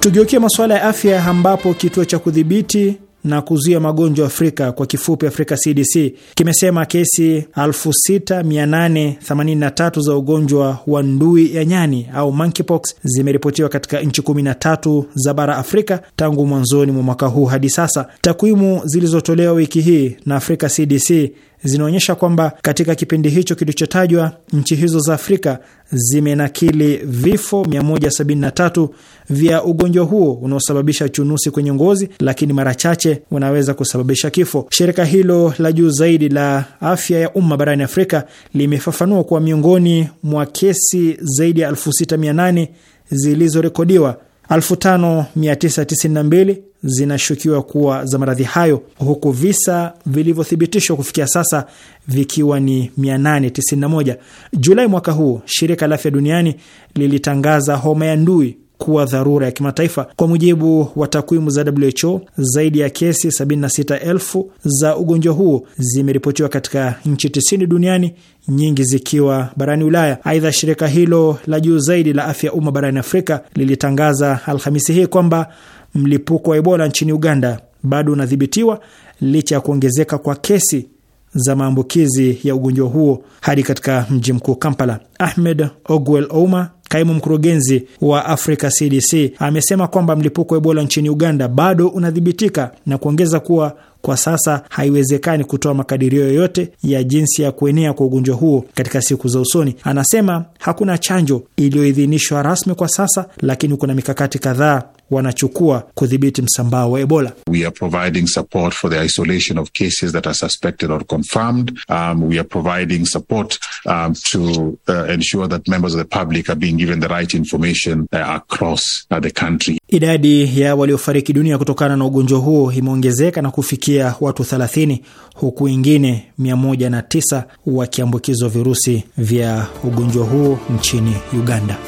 Tugeukie masuala ya afya ambapo kituo cha kudhibiti na kuzuia magonjwa Afrika, kwa kifupi Afrika CDC, kimesema kesi 6883 za ugonjwa wa ndui ya nyani au monkeypox zimeripotiwa katika nchi 13 za bara Afrika tangu mwanzoni mwa mwaka huu hadi sasa. Takwimu zilizotolewa wiki hii na Afrika CDC zinaonyesha kwamba katika kipindi hicho kilichotajwa nchi hizo za Afrika zimenakili vifo 173 vya ugonjwa huo unaosababisha chunusi kwenye ngozi, lakini mara chache unaweza kusababisha kifo. Shirika hilo la juu zaidi la afya ya umma barani Afrika limefafanua kuwa miongoni mwa kesi zaidi ya 6800 zilizorekodiwa 5992 zinashukiwa kuwa za maradhi hayo huku visa vilivyothibitishwa kufikia sasa vikiwa ni 891. Julai mwaka huu shirika la afya duniani lilitangaza homa ya ndui kuwa dharura ya kimataifa. Kwa mujibu wa takwimu za WHO, zaidi ya kesi 76,000 za ugonjwa huo zimeripotiwa katika nchi 90 duniani, nyingi zikiwa barani Ulaya. Aidha, shirika hilo la juu zaidi la afya ya umma barani Afrika lilitangaza Alhamisi hii kwamba mlipuko wa Ebola nchini Uganda bado unadhibitiwa licha ya kuongezeka kwa kesi za maambukizi ya ugonjwa huo hadi katika mji mkuu Kampala. Ahmed Ogwel Ouma, kaimu mkurugenzi wa Africa CDC, amesema kwamba mlipuko wa Ebola nchini Uganda bado unadhibitika na kuongeza kuwa kwa sasa haiwezekani kutoa makadirio yoyote ya jinsi ya kuenea kwa ugonjwa huo katika siku za usoni. Anasema hakuna chanjo iliyoidhinishwa rasmi kwa sasa, lakini kuna mikakati kadhaa wanachukua kudhibiti msambao wa Ebola. We are providing support for the isolation of cases that are suspected or confirmed. Um, we are providing support um, to uh, ensure that members of the public are being given the right information uh, across uh, the country. Idadi ya waliofariki dunia kutokana na ugonjwa huo imeongezeka na kufikia watu 30 huku wengine 109 wakiambukizwa virusi vya ugonjwa huo nchini Uganda.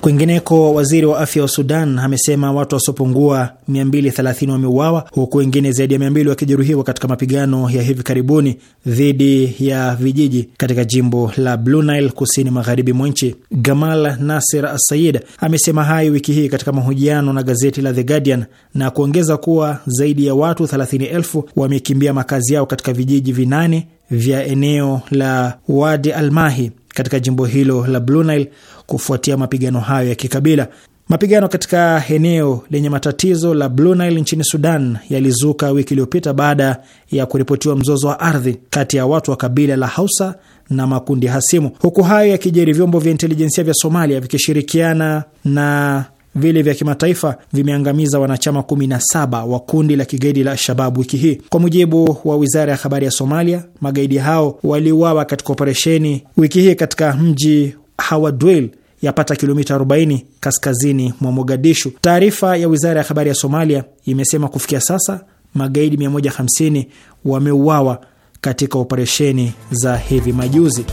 Kwingineko, waziri wa afya wa Sudan amesema watu wasiopungua 230 wameuawa huku wengine zaidi ya 200 wakijeruhiwa katika mapigano ya hivi karibuni dhidi ya vijiji katika jimbo la Blue Nile kusini magharibi mwa nchi. Gamal Nasir Asayid amesema hayo wiki hii katika mahojiano na gazeti la The Guardian na kuongeza kuwa zaidi ya watu 30,000 wamekimbia makazi yao katika vijiji vinane vya eneo la Wadi Almahi katika jimbo hilo la Blue Nile kufuatia mapigano hayo ya kikabila. Mapigano katika eneo lenye matatizo la Blue Nile nchini Sudan yalizuka wiki iliyopita baada ya kuripotiwa mzozo wa ardhi kati ya watu wa kabila la Hausa na makundi hasimu. Huku hayo yakijiri, vyombo vya intelijensia vya Somalia vikishirikiana na vile vya kimataifa vimeangamiza wanachama 17 wa kundi la kigaidi la Al-Shabab wiki hii, kwa mujibu wa wizara ya habari ya Somalia. Magaidi hao waliuawa katika operesheni wiki hii katika mji Hawadwel yapata kilomita 40 kaskazini mwa Mogadishu. Taarifa ya wizara ya habari ya Somalia imesema kufikia sasa magaidi 150 wameuawa katika operesheni za hivi majuzi.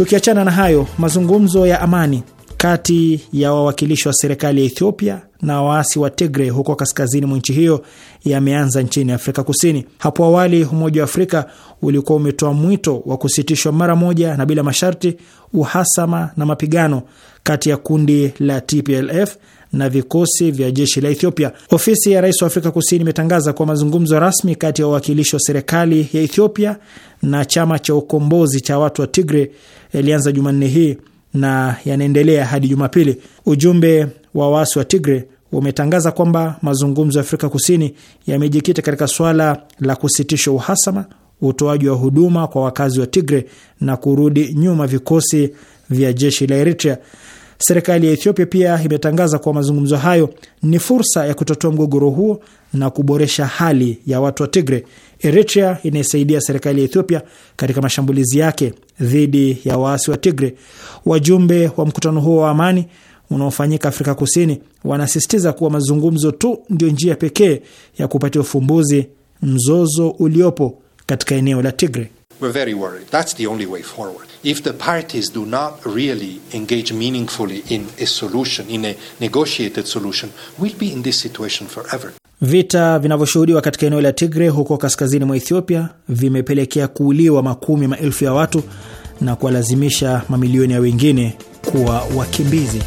Tukiachana na hayo, mazungumzo ya amani kati ya wawakilishi wa serikali ya Ethiopia na waasi wa tigre huko kaskazini mwa nchi hiyo yameanza nchini Afrika Kusini. Hapo awali, Umoja wa Afrika ulikuwa umetoa mwito wa kusitishwa mara moja na bila masharti uhasama na mapigano kati ya kundi la TPLF na vikosi vya jeshi la Ethiopia. Ofisi ya rais wa Afrika Kusini imetangaza kwa mazungumzo rasmi kati ya wawakilishi wa serikali ya Ethiopia na chama cha ukombozi cha watu wa Tigre yalianza Jumanne hii na yanaendelea hadi Jumapili. Ujumbe wa waasi wa Tigre umetangaza kwamba mazungumzo ya Afrika Kusini yamejikita katika swala la kusitisha uhasama, utoaji wa huduma kwa wakazi wa Tigre na kurudi nyuma vikosi vya jeshi la Eritrea. Serikali ya Ethiopia pia imetangaza kuwa mazungumzo hayo ni fursa ya kutatua mgogoro huo na kuboresha hali ya watu wa Tigre. Eritrea inaisaidia serikali ya Ethiopia katika mashambulizi yake dhidi ya waasi wa Tigre. Wajumbe wa mkutano huo wa amani unaofanyika Afrika Kusini wanasisitiza kuwa mazungumzo tu ndio njia pekee ya kupatia ufumbuzi mzozo uliopo katika eneo la Tigre. We're very worried. That's the only way forward. If the parties do not really engage meaningfully in a solution, in a negotiated solution, we'll be in this situation forever. Vita vinavyoshuhudiwa katika eneo la Tigre huko kaskazini mwa Ethiopia vimepelekea kuuliwa makumi maelfu ya watu na kuwalazimisha mamilioni ya wengine kuwa wakimbizi.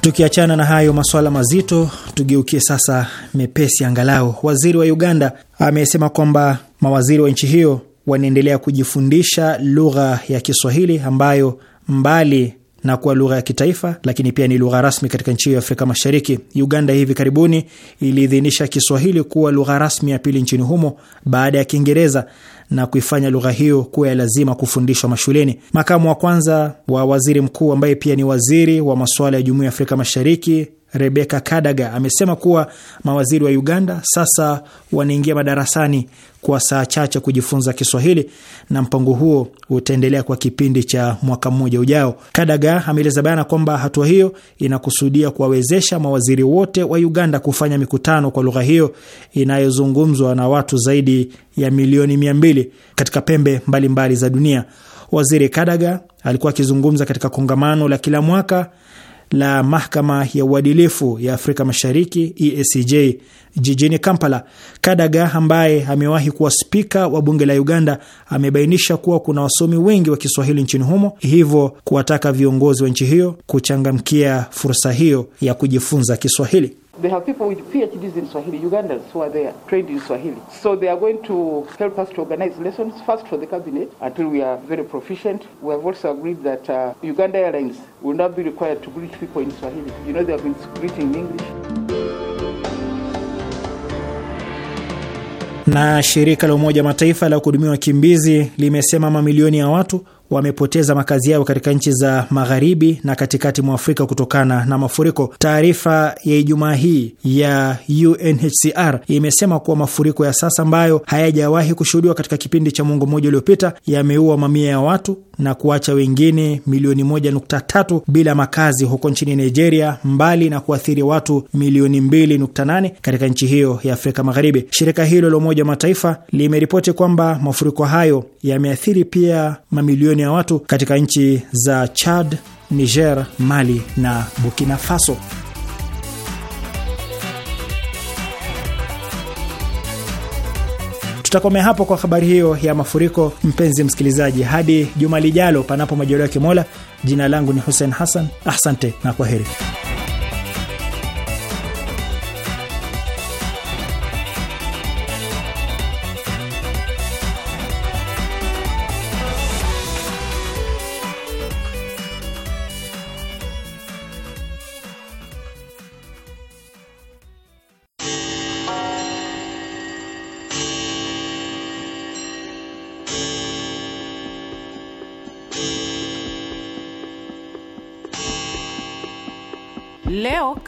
Tukiachana na hayo masuala mazito, tugeukie sasa mepesi angalau. Waziri wa Uganda amesema kwamba mawaziri wa nchi hiyo wanaendelea kujifundisha lugha ya Kiswahili ambayo mbali na kuwa lugha ya kitaifa, lakini pia ni lugha rasmi katika nchi hiyo ya Afrika Mashariki. Uganda hivi karibuni iliidhinisha Kiswahili kuwa lugha rasmi ya pili nchini humo baada ya Kiingereza na kuifanya lugha hiyo kuwa ya lazima kufundishwa mashuleni. Makamu wa kwanza wa waziri mkuu ambaye pia ni waziri wa masuala ya Jumuiya ya Afrika Mashariki rebeka Kadaga amesema kuwa mawaziri wa Uganda sasa wanaingia madarasani kwa saa chache kujifunza Kiswahili na mpango huo utaendelea kwa kipindi cha mwaka mmoja ujao. Kadaga ameeleza bayana kwamba hatua hiyo inakusudia kuwawezesha mawaziri wote wa Uganda kufanya mikutano kwa lugha hiyo inayozungumzwa na watu zaidi ya milioni mia mbili katika pembe mbalimbali mbali za dunia. Waziri Kadaga alikuwa akizungumza katika kongamano la kila mwaka la mahakama ya uadilifu ya Afrika Mashariki EACJ jijini Kampala. Kadaga ambaye amewahi kuwa spika wa bunge la Uganda amebainisha kuwa kuna wasomi wengi wa Kiswahili nchini humo, hivyo kuwataka viongozi wa nchi hiyo kuchangamkia fursa hiyo ya kujifunza Kiswahili. They have people with PhDs in Swahili, Ugandans who are there, trained in Swahili. So they are going to help us to organize lessons first for the cabinet until we are very proficient. We have also agreed that uh, Uganda Airlines will not be required to greet people in Swahili. You know, they have been greeting in English. Na shirika la Umoja Mataifa la kuhudumia wakimbizi limesema mamilioni ya watu wamepoteza makazi yao katika nchi za magharibi na katikati mwa Afrika kutokana na mafuriko. Taarifa ya Ijumaa hii ya UNHCR imesema kuwa mafuriko ya sasa ambayo hayajawahi kushuhudiwa katika kipindi cha mwongo mmoja uliopita yameua mamia ya watu na kuacha wengine milioni 13 bila makazi huko nchini Nigeria, mbali na kuathiri watu milioni mbili nukta nane katika nchi hiyo ya Afrika Magharibi. Shirika hilo la Umoja wa Mataifa limeripoti kwamba mafuriko hayo yameathiri pia mamilioni mamilioni ya watu katika nchi za Chad, Niger, Mali na Burkina Faso. Tutakomea hapo kwa habari hiyo ya mafuriko, mpenzi msikilizaji, hadi juma lijalo, panapo majaliwa ya Kimola. Jina langu ni Hussein Hassan, asante na kwa heri.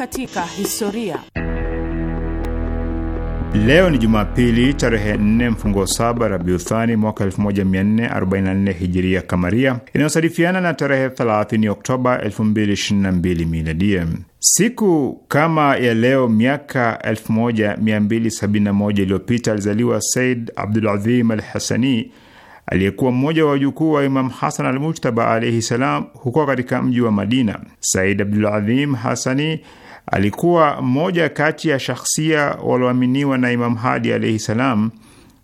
katika historia. Leo ni Jumapili tarehe 4 mfungo saba Rabiuthani mwaka 1444 hijiria kamaria inayosadifiana na tarehe 30 Oktoba 2022 miladia. Siku kama ya leo miaka 1271 iliyopita alizaliwa Said Abdulazim al Hasani aliyekuwa mmoja wa wajukuu wa Imam Hasan al Mujtaba alaihi salam huko katika mji wa Madina. Said Abdulazim Hasani alikuwa mmoja kati ya shakhsia walioaminiwa na Imam Hadi alaihi salam,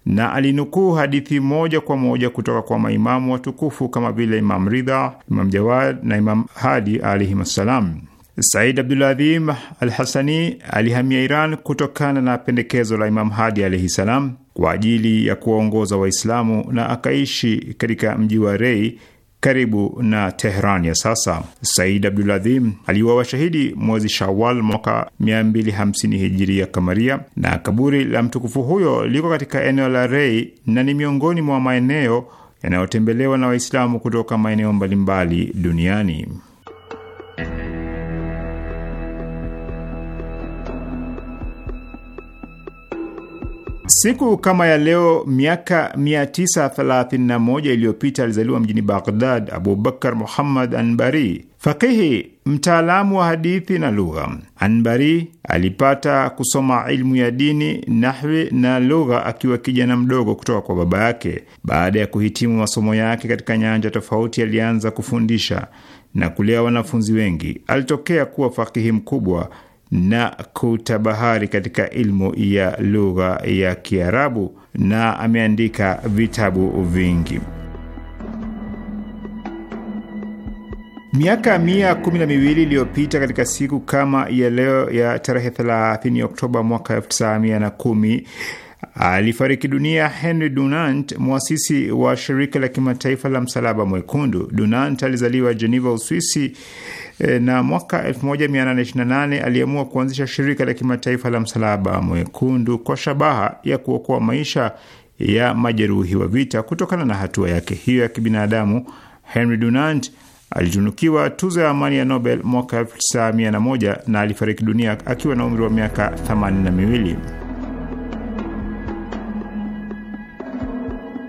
na alinukuu hadithi moja kwa moja kutoka kwa maimamu watukufu kama vile Imam Ridha, Imam Jawad na Imam Hadi alaihim assalam. Said Abduladhim Al Hasani alihamia Iran kutokana na pendekezo la Imam Hadi alaihi salam kwa ajili ya kuwaongoza Waislamu na akaishi katika mji wa Rei karibu na Tehran ya sasa. Said Abduladhim aliuawa shahidi mwezi Shawal mwaka 250 hijiria kamaria, na kaburi la mtukufu huyo liko katika eneo la Rei na ni miongoni mwa maeneo yanayotembelewa na Waislamu kutoka maeneo mbalimbali duniani. Siku kama ya leo miaka 931 iliyopita alizaliwa mjini Baghdad Abubakar Muhammad Anbari, fakihi mtaalamu wa hadithi na lugha. Anbari alipata kusoma ilmu ya dini, nahwi na lugha akiwa kijana mdogo kutoka kwa baba yake. Baada ya kuhitimu masomo yake katika nyanja tofauti, alianza kufundisha na kulea wanafunzi wengi. Alitokea kuwa fakihi mkubwa na kutabahari katika ilmu ya lugha ya Kiarabu na ameandika vitabu vingi. Miaka mia kumi na miwili iliyopita katika siku kama ya leo ya tarehe 30 Oktoba mwaka kumi alifariki dunia Henry Dunant, mwasisi wa shirika la kimataifa la msalaba mwekundu. Dunant alizaliwa Geneva, Uswisi, eh, na mwaka 1828 aliamua kuanzisha shirika la kimataifa la msalaba mwekundu kwa shabaha ya kuokoa maisha ya majeruhi wa vita. Kutokana na hatua yake hiyo ya kibinadamu, Henry Dunant alitunukiwa tuzo ya amani ya Nobel mwaka 1901 na alifariki dunia akiwa na umri wa miaka 82.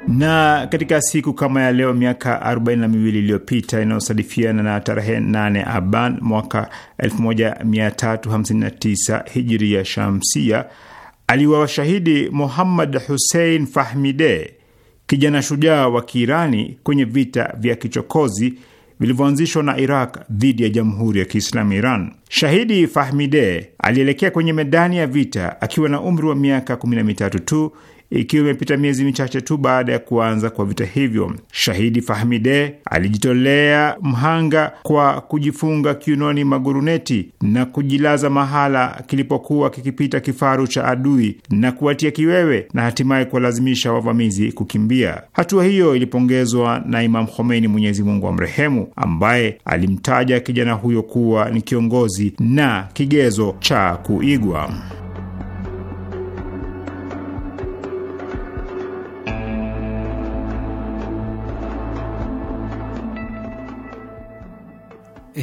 Na katika siku kama ya leo miaka 4 miwili iliyopita inayosadifiana na tarehe 8 Aban mwaka 1359 ya shamsia aliwa shahidi Muhammad Hussein Fahmide, kijana shujaa wa Kiirani kwenye vita vya kichokozi vilivyoanzishwa na Iraq dhidi ya Jamhuri ya Kiislamu Iran. Shahidi Fahmide alielekea kwenye medani ya vita akiwa na umri wa miaka 13 mitatu tu ikiwa imepita miezi michache tu baada ya kuanza kwa vita hivyo. Shahidi Fahmide alijitolea mhanga kwa kujifunga kiunoni maguruneti na kujilaza mahala kilipokuwa kikipita kifaru cha adui na kuwatia kiwewe na hatimaye kuwalazimisha wavamizi kukimbia. Hatua hiyo ilipongezwa na Imam Khomeini, Mwenyezi Mungu amrehemu, ambaye alimtaja kijana huyo kuwa ni kiongozi na kigezo cha kuigwa.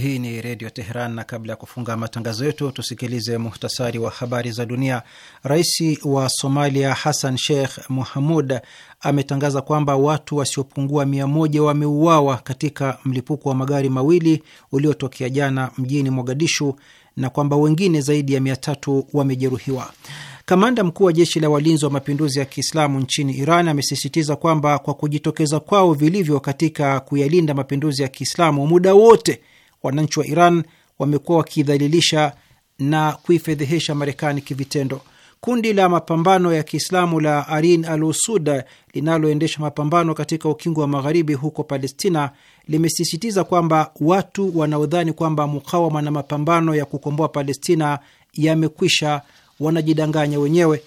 Hii ni Redio Teheran, na kabla ya kufunga matangazo yetu tusikilize muhtasari wa habari za dunia. Rais wa Somalia Hassan Sheikh Mohamud ametangaza kwamba watu wasiopungua mia moja wameuawa katika mlipuko wa magari mawili uliotokea jana mjini Mogadishu na kwamba wengine zaidi ya mia tatu wamejeruhiwa. Kamanda mkuu wa jeshi la walinzi wa mapinduzi ya Kiislamu nchini Iran amesisitiza kwamba kwa kujitokeza kwao vilivyo katika kuyalinda mapinduzi ya Kiislamu muda wote wananchi wa Iran wamekuwa wakidhalilisha na kuifedhehesha Marekani kivitendo. Kundi la mapambano ya Kiislamu la Arin al Usud linaloendesha mapambano katika ukingo wa magharibi huko Palestina limesisitiza kwamba watu wanaodhani kwamba mukawama na mapambano ya kukomboa Palestina yamekwisha wanajidanganya wenyewe.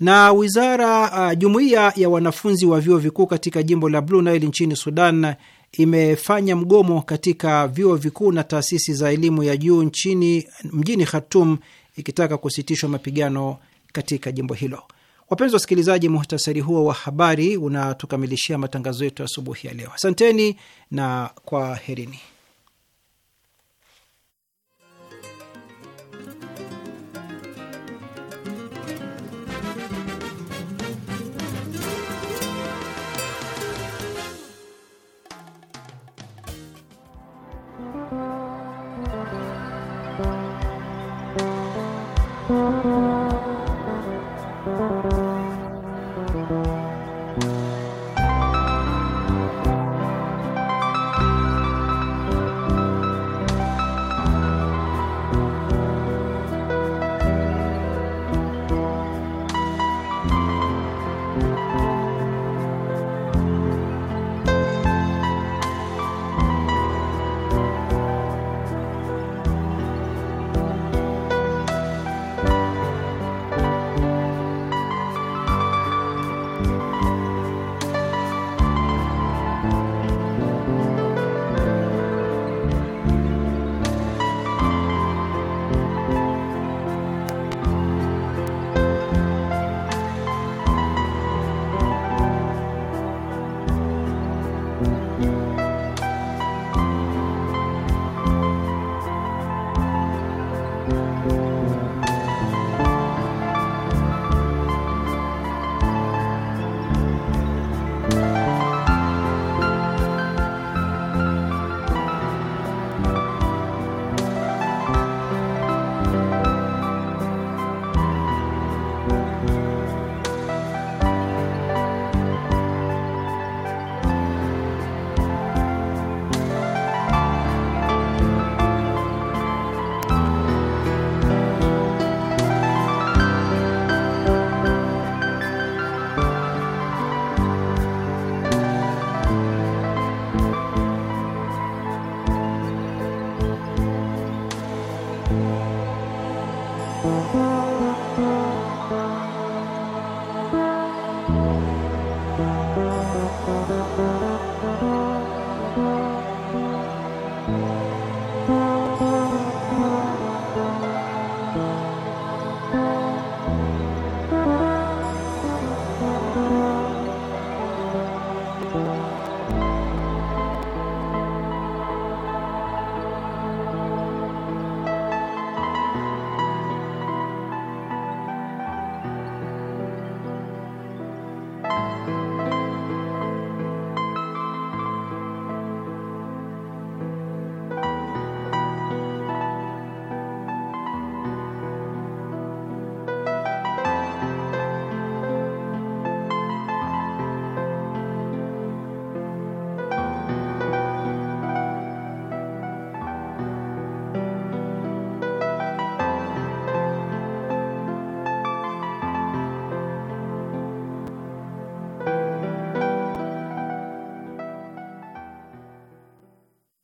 Na wizara uh, jumuiya ya wanafunzi wa vyuo vikuu katika jimbo la Blue Nile nchini Sudan imefanya mgomo katika vyuo vikuu na taasisi za elimu ya juu nchini mjini Khartum ikitaka kusitishwa mapigano katika jimbo hilo. Wapenzi wasikilizaji, muhtasari huo wa habari unatukamilishia matangazo yetu asubuhi ya leo. Asanteni na kwaherini.